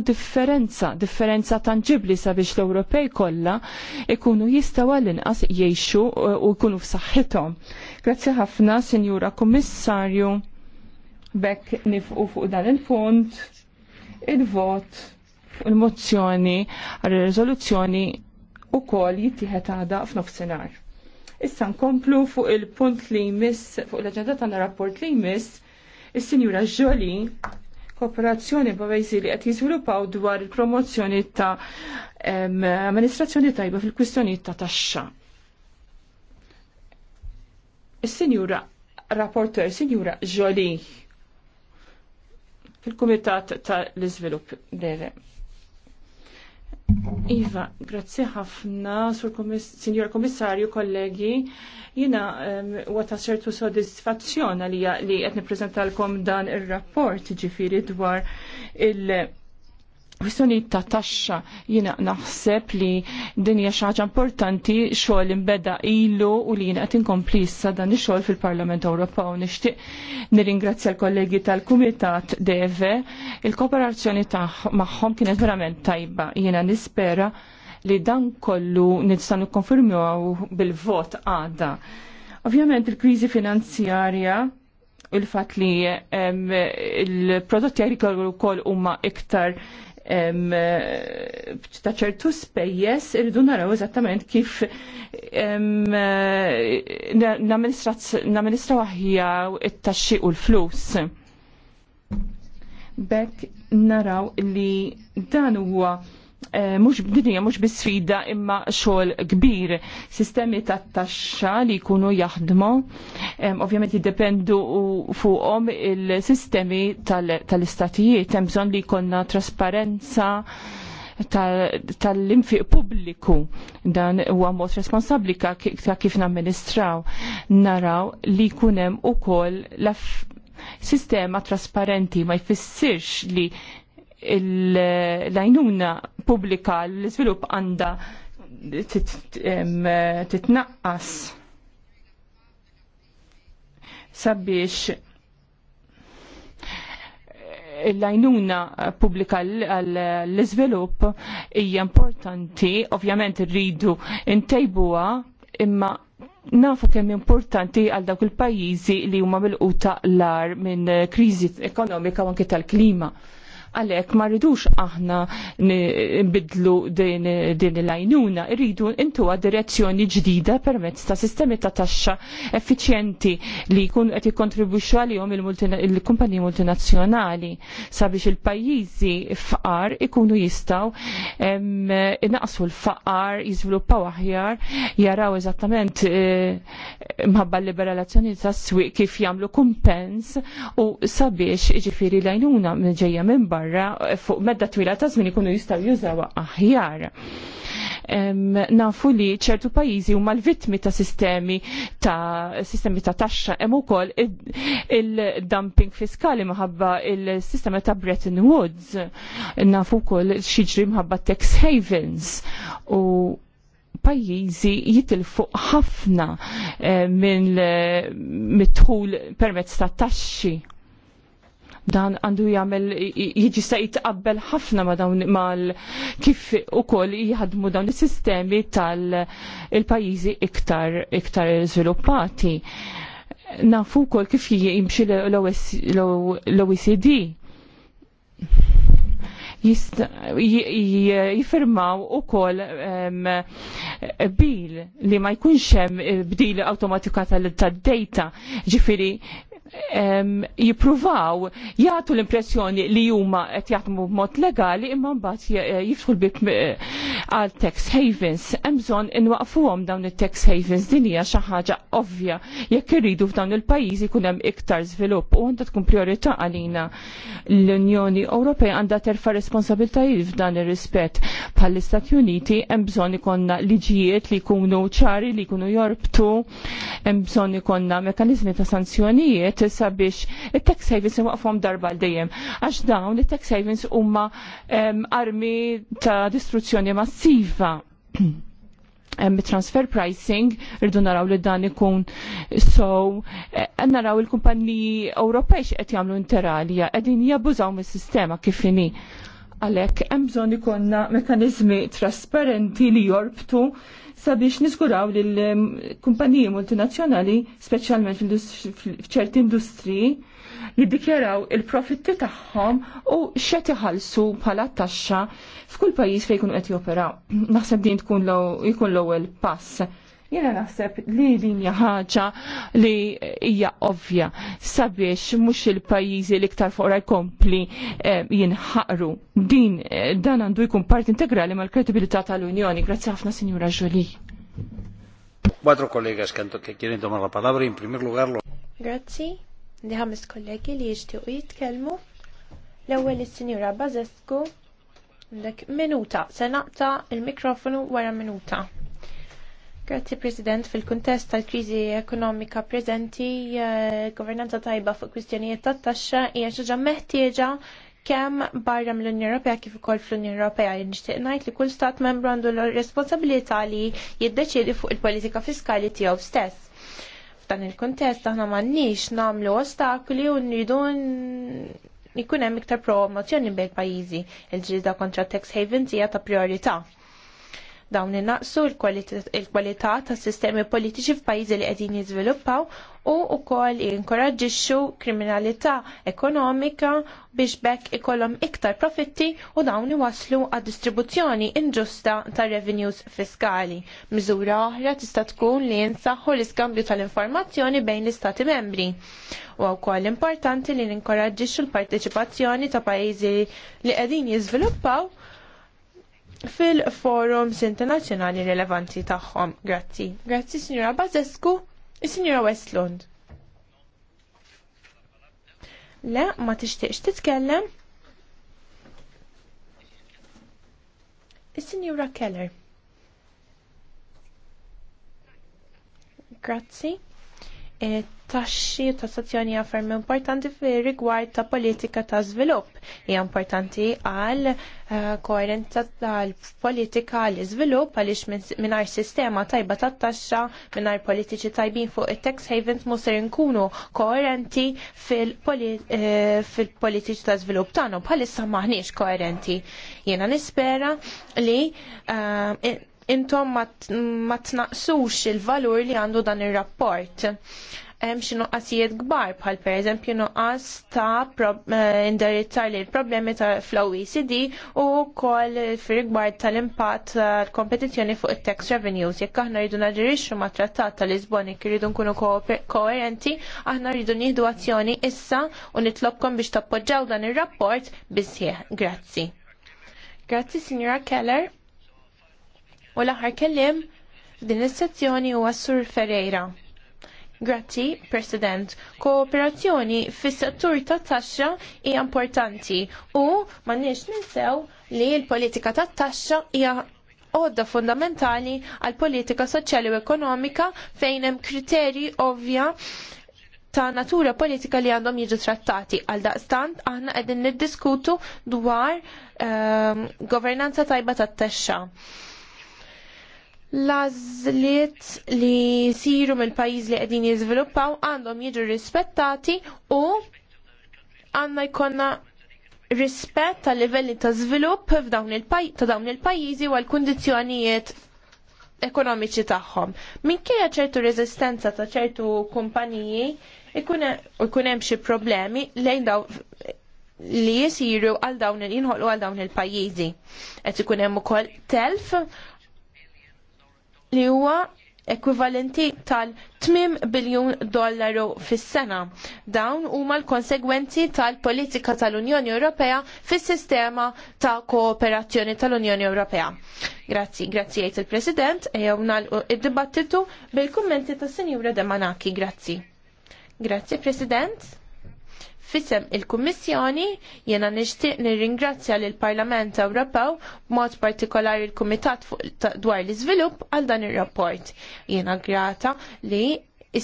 differenza, differenza tangibli sabiex l-Ewropej kollha ikunu jistgħu l inqas jgħixu eh, u jkunu f'saħħithom. Grazzi ħafna, Sinjura Kummissarju, bekk nifqu fuq dan il-punt, il-vot, il-mozzjoni, il-rezoluzzjoni u kol jittieħed għada f'nofsinhar. Issa nkomplu fuq il-punt li jmiss, fuq l-aġenda tan rapport li jmiss, is-Sinjura Ġoli kooperazzjoni b'pajjiżi li qed jiżviluppaw dwar il-promozzjoni ta' amministrazzjoni tajba fil-kwistjonijiet ta' taxxa. Is-Sinjura rapporter Sinjura Jolie fil-Kumitat tal-Iżvilupp Deve. Iva, grazzi ħafna, Signor Komissarju, kollegi. Jina għata ċertu soddisfazzjon li qed nippreżentalkom dan ir-rapport ġifiri dwar il- kwistjoni ta' taxxa jiena naħseb li din hija xi ħaġa importanti xogħol imbeda ilu u li jien qed inkompli issa dan ix-xogħol fil-Parlament Ewropew nixtieq nirringrazzja l-kollegi tal-Kumitat DEVE il-kooperazzjoni magħhom kienet verament tajba jiena nispera li dan kollu nistgħu nikkonfirmjaw bil-vot għada. Ovvjament il-kriżi finanzjarja il-fat li il-prodotti agrikoli u kol iktar ta' ċertu spejjes irridu naraw eżattament kif namministraw aħja it-taxxi u l-flus. Bekk naraw li dan huwa Eh, mux b'dinja, mux b'sfida imma xogħol kbir. Sistemi ta' taxxa li jkunu jaħdmu, ovvjament jiddependu fuqhom il-sistemi tal-istatijiet, hemm bżonn li jkollna trasparenza tal-infiq pubbliku dan huwa mod responsabbli ta' kif namministraw naraw li kunem ukoll la sistema trasparenti ma jfissirx li l-għajnuna pubblika l-iżvilupp għandha titnaqqas sabiex eh, l-għajnuna publika l-izvilup hija importanti, ovvjament rridu intejbuha imma nafu kemm importanti għal dawk il-pajjiżi li huma bil-quta l-ar minn kriżi ekonomika u anke tal-klima. Għalhekk ma rridux aħna nbidlu din il ajnuna irridu intuha direzzjoni ġdida permezz ta' sistemi ta' taxxa effiċjenti li jkun qed jikkontribwixxu għalihom il-kumpaniji multinazzjonali sabiex il-pajjiżi fqar ikunu jistgħu inaqsu l-faqar, jiżviluppaw aħjar, jaraw eżattament eh, mħabba l-liberalazzjoni tas-swieq kif jagħmlu kumpens u sabiex ġifieri lajnuna ġejja minn barra eh, fuq medda twila ta' żmien ikunu jistgħu jużaw aħjar. Nafu li ċertu pajjiżi huma l-vittmi ta' sistemi ta' sistemi ta' taxxa hemm ukoll il-dumping fiskali minħabba il-sistema ta' Bretton Woods. Nafu wkoll xiġri minħabba tax havens u pajjiżi jitilfu ħafna eh, minn mitħul permezz ta' taxxi dan għandu jagħmel jiġi sa' jitqabbel ħafna ma dawn mal kif ukoll jħadmu dawn is-sistemi tal-pajjiżi iktar iktar żviluppati. Nafu wkoll kif jimxi l-OECD jifirmaw u kol bil li ma jkunx hemm bdil automatika tal-data ġifiri jipruvaw jagħtu l-impressjoni li huma qed jaħdmu b'mod legali imma mbagħad eh, jifħu bib eh, għal tax havens. Hemm bżonn għom dawn it-tax havens din hija xi ħaġa ovvja jekk irridu f'dawn il-pajjiżi jkun hemm iktar żvilupp u għandha tkun priorità għalina l-Unjoni Ewropea għandha terfa' responsabiltajiet f'dan ir-rispett bħall-Istati Uniti hemm bżonn ikollna liġijiet li jkunu ċari li jkunu jorbtu, hemm bżonn ikollna mekkaniżmi ta' sanzjonijiet il il-tax savings waqfhom darba l-dejjem. Għax dawn il-tax savings huma armi ta' distruzzjoni massiva. transfer pricing, irdu naraw li dan ikun so, eh, naraw il kumpanniji Ewropej x'qed jagħmlu interalja, qegħdin jabbużaw mis-sistema kif inhi Għalhekk hemm bżonn ikollna mekanizmi trasparenti li jorbtu sabiex niżguraw li l-kumpaniji multinazzjonali, speċjalment f'ċerti industriji, jiddikjaraw il-profitti tagħhom u xed iħallsu bħala taxxa f'kull pajjiż fejn jkunu qed joperaw. Naħseb din tkun jkun l-ewwel pass Jena naħseb li linja ħaġa li hija ovvja sabiex mhux il-pajjiżi li iktar fuq jkompli eh, jinħaqru. Din eh, dan għandu jkun part integrali mal-kredibilità tal-Unjoni. Grazzi ħafna Sinjura Ġoli. Quattro collegas che chiedono tomar la palabra, in primer lugar lo... Grazie li ħames kollegi li jixtiequ jitkellmu. L-ewwel is-Sinjura Bazescu dak minuta se naqta' il-mikrofonu wara minuta. Grazie President, fil-kuntest tal-kriżi ekonomika preżenti, eh, governanza tajba fuq kwistjonijiet tat-taxxa hija xi ħaġa meħtieġa kemm barra mill-Unjoni Ewropea kif ukoll fl-Unjoni Ewropea li nixtieq ngħid li kull stat membru għandu l-responsabilità li jiddeċiedi fuq il-politika fiskali tiegħu stess. F'dan il-kuntest aħna m'għandniex nagħmlu ostakli u nridu jkun hemm iktar promozzjoni bejn pajjiżi. il ġilda kontra tax havens hija ta' priorità dawn innaqsu l-kwalità tas sistemi politiċi f'pajjiżi li qegħdin jiżviluppaw u wkoll jinkoraġġixxu kriminalità ekonomika biex bekk ikollhom iktar profitti u dawn iwasslu għad distribuzzjoni inġusta tar revenues fiskali. Miżura oħra tista' tkun li jinsaħħu l-iskambju tal-informazzjoni bejn l-Istati membri. U wkoll importanti li ninkoraġġixxu l-parteċipazzjoni ta' pajjiżi li qegħdin jiżviluppaw fil-forums internazzjonali rilevanti tagħhom. Grazzi. Grazzi, Signora Bazescu e Signora Westlund. Le, ma tixtieqx titkellem. is Keller. Grazzi. E, taxxi ta' sazzjoni għaffermi importanti fi rigward ta' politika ta' svilupp. Hija importanti għal e, koerenza tal-politika għal svilupp għaliex minar sistema tajba ta' taxxa minar politiċi tajbin fuq it-tax havens muser nkunu koerenti e, fil-politiċi ta' svilupp tagħna bħalissa maħniex koerenti. Jiena nispera li intom ma tnaqsux il-valur li għandu dan ir-rapport. Hemm xi nuqqasijiet kbar bħal pereżempju nuqqas ta' eh, indirizzar li l-problemi ta' fl-OECD u wkoll fir gbar tal-impatt tal-kompetizzjoni fuq it-tax revenues. Jekk aħna rridu naġirixxu ma' trattat tal-Lisboni kif rridu nkunu koerenti, aħna rridu nieħdu azzjoni issa u nitlobkom biex tappoġġaw dan ir-rapport biżjed. Grazzi. Grazzi, Signora Keller. U l-aħħar kellim f'din is-sezzjoni huwa Sur Ferreira. Grazzi, President. Kooperazzjoni fis-settur tat taxxa hija importanti u nix ninsew li l-politika tat taxxa hija għodda fundamentali għal politika soċjali u ekonomika fejn hemm kriterji ovvja ta' natura politika li għandhom jiġu trattati. Għal daqstant aħna qegħdin niddiskutu dwar um, governanza tajba tat-taxxa lażliet li siru mill pajjiż li qegħdin jiżviluppaw għandhom jiġu rispettati u għandna jkollna rispett ta' livelli ta' żvilupp ta' dawn il-pajjiżi u għall-kundizzjonijiet ekonomiċi tagħhom. Minkejja ċertu reżistenza ta' ċertu kumpaniji ikun hemm xi problemi lejn daw li jisiru għal dawn il-inħolqu għal dawn il-pajjiżi. Qed ikun hemm ukoll telf li huwa ekwivalenti tal-8 biljun dollaru fis-sena. Dawn huma l-konsegwenzi tal-politika tal-Unjoni Ewropea fis-sistema ta' kooperazzjoni tal-Unjoni Ewropea. Grazzi, grazzi jgħid il-President, jew nagħlqu id-dibattitu bil-kummenti tas-Sinjura Demanaki, grazzi. Grazzi President. Fisem il-Kummissjoni jiena nixtieq nirringrazzja l Parlament Ewropew b'mod partikolari l-Kumitat dwar l-Iżvilupp għal dan ir-rapport. Jiena grata li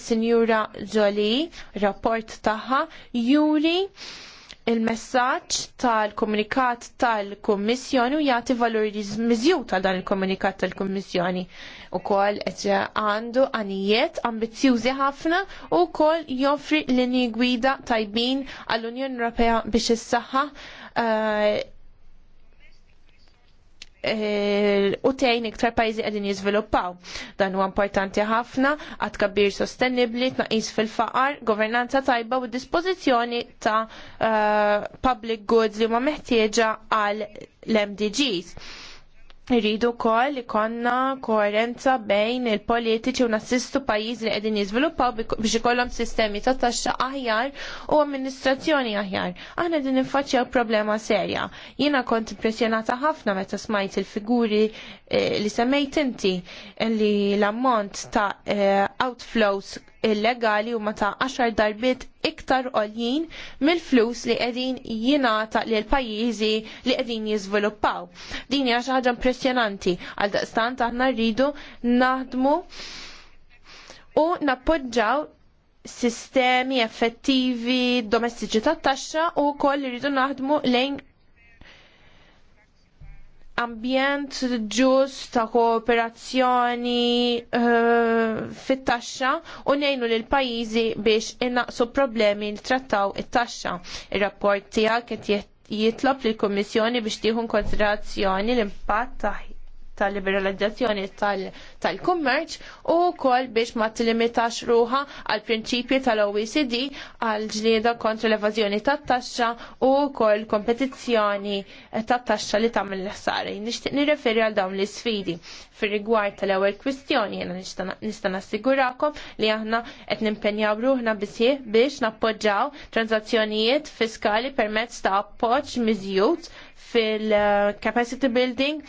is-Sinjura Zoli, rapport tagħha juri il-messaġġ tal-komunikat tal-Kummissjoni u jagħti valur miżjud ta' dan il-komunikat tal-Kummissjoni. Ukoll qed għandu għanijiet ambizzjużi ħafna u wkoll joffri linji gwida tajbin għall-Unjoni Ewropea biex issaħħa uh, Eh, u tejn iktar pajjiżi qegħdin jiżviluppaw. Dan huwa importanti ħafna għad kabbir sostenibbli, tnaqis fil-faqar, governanza tajba u dispożizzjoni ta' eh, public goods li huma meħtieġa għal l-MDGs Irridu kol li konna koerenza bejn il-politiċi u nassistu pajiz li għedin jizviluppaw biex ikollhom sistemi ta' taxxa aħjar u amministrazzjoni aħjar. Aħna din infaċċjaw problema serja. Jiena kont impressjonata ħafna meta smajt il-figuri eh, li semmejt inti li l-ammont ta' eh, outflows illegali u ma ta' 10 darbit iktar għoljin mill-flus li qegħdin jingħata lil pajjiżi li qegħdin jiżviluppaw. Din hija xi ħaġa impressjonanti għal daqstant aħna rridu naħdmu u nappoġġaw sistemi effettivi domestiċi tat-taxxa u koll rridu naħdmu lejn ambjent ġust ta' kooperazzjoni eh, fit-taxxa u ngħinu lil pajjiżi biex innaqsu problemi li trattaw it-taxxa. Ir-rapport tiegħek qed jitlob lill kummissjoni biex tieħu konsiderazzjoni l-impatt ta' tal-liberalizzazzjoni tal-kummerċ u kol biex ma t-limitax ruħa għal prinċipji tal-OECD għal ġlieda kontra l-evazjoni tat-taxxa u kol kompetizzjoni tat-taxxa li tagħmel l-ħsari. Nixtieq nirreferi għal dawn l-isfidi. Fir-rigward tal-ewwel kwistjoni jiena nista' nassigurakom li aħna qed nimpenjaw ruħna bisih biex nappoġġaw transazzjonijiet fiskali permezz ta' appoġġ miżjud fil-capacity building,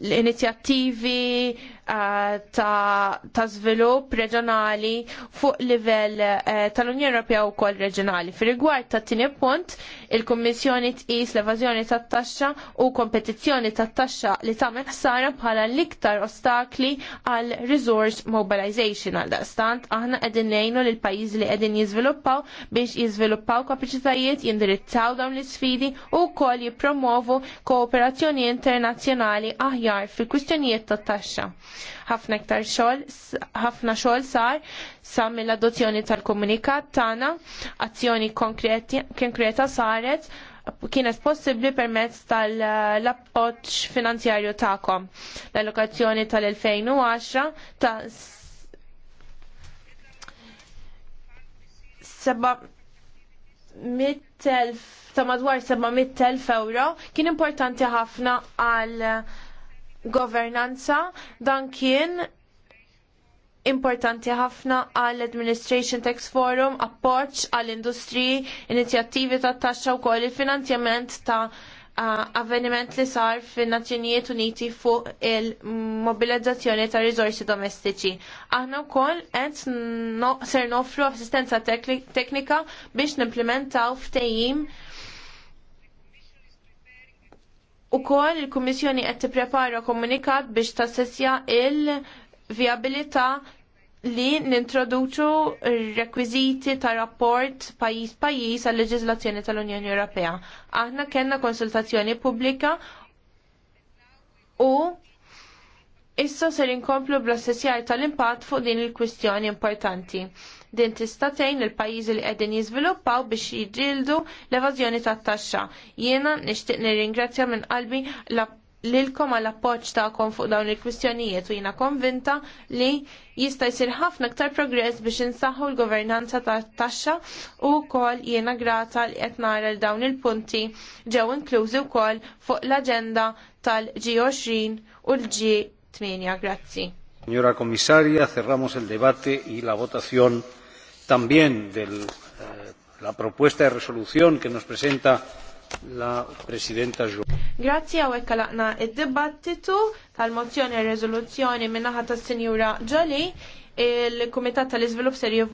l-inizjattivi Eh, ta' svilup reġjonali fuq livell eh, tal-Unjoni Ewropea wkoll reġjonali. Fir-rigward ta' tieni punt, il-Kummissjoni tqis l-evażjoni tat-taxxa u kompetizzjoni tat-taxxa li tagħmel ħsara bħala l-iktar ostakli għal resource mobilization għal daqstant aħna qegħdin ngħinu lil pajjiżi li qegħdin jiżviluppaw biex jiżviluppaw kapaċitajiet jindirizzaw dawn l-isfidi u wkoll jippromovu kooperazzjoni internazzjonali aħjar fil-kwistjonijiet tat-taxxa. Ħafna iktar xogħol, ħafna xogħol sar sa mill-adozzjoni tal-komunikat tagħna, azzjoni konkreta saret kienet possibbli permezz tal-appoġġ finanzjarju tagħkom. L-allokazzjoni tal-2010 ta' seba' mittelf ta' madwar 700.000 euro kien importanti ħafna għal governanza dan kien importanti ħafna għall Administration Tax Forum, appoġġ għall industriji inizjattivi ta' taxxa wkoll il-finanzjament ta' avveniment li sar fin-Nazzjonijiet Uniti fuq il-mobilizzazzjoni ta' risorsi domestiċi. Aħna wkoll qed no, ser nofru assistenza teknika biex nimplementaw ftehim Ukoll il-Kummissjoni qed tipprepara komunikat biex tassessja il-vjabilità li nintroduċu rekwiżiti ta' rapport pajjiż pajjiż għal leġizlazzjoni tal-Unjoni Ewropea. Aħna kellna konsultazzjoni pubblika u issa ser inkomplu bl-assessjar tal-impatt fuq din il-kwistjoni importanti. Din tista' tgħin il-pajjiżi li qegħdin jiżviluppaw biex jiġġieldu l-evażjoni tat-taxxa. Jiena nixtieq nirringrazzja minn qalbi lilkom għall appoġġ tagħkom fuq dawn il-kwistjonijiet u jiena konvinta li jista' jsir ħafna aktar progress biex insaħħu l-governanza tat-taxxa u wkoll jiena grata li qed nara l dawn il-punti ġew inklużi wkoll fuq l-aġenda tal-G20 u l-G8. Grazzi. Signora Commissaria, cerramos el debate y la votación también de eh, la propuesta de resolución que nos presenta la presidenta Grazie a għawek kalaqna id-dibattitu tal-mozzjoni e rezoluzzjoni minnaħa tas-Sinjura Ġoli, il-Kumitat tal-Iżvilupp ser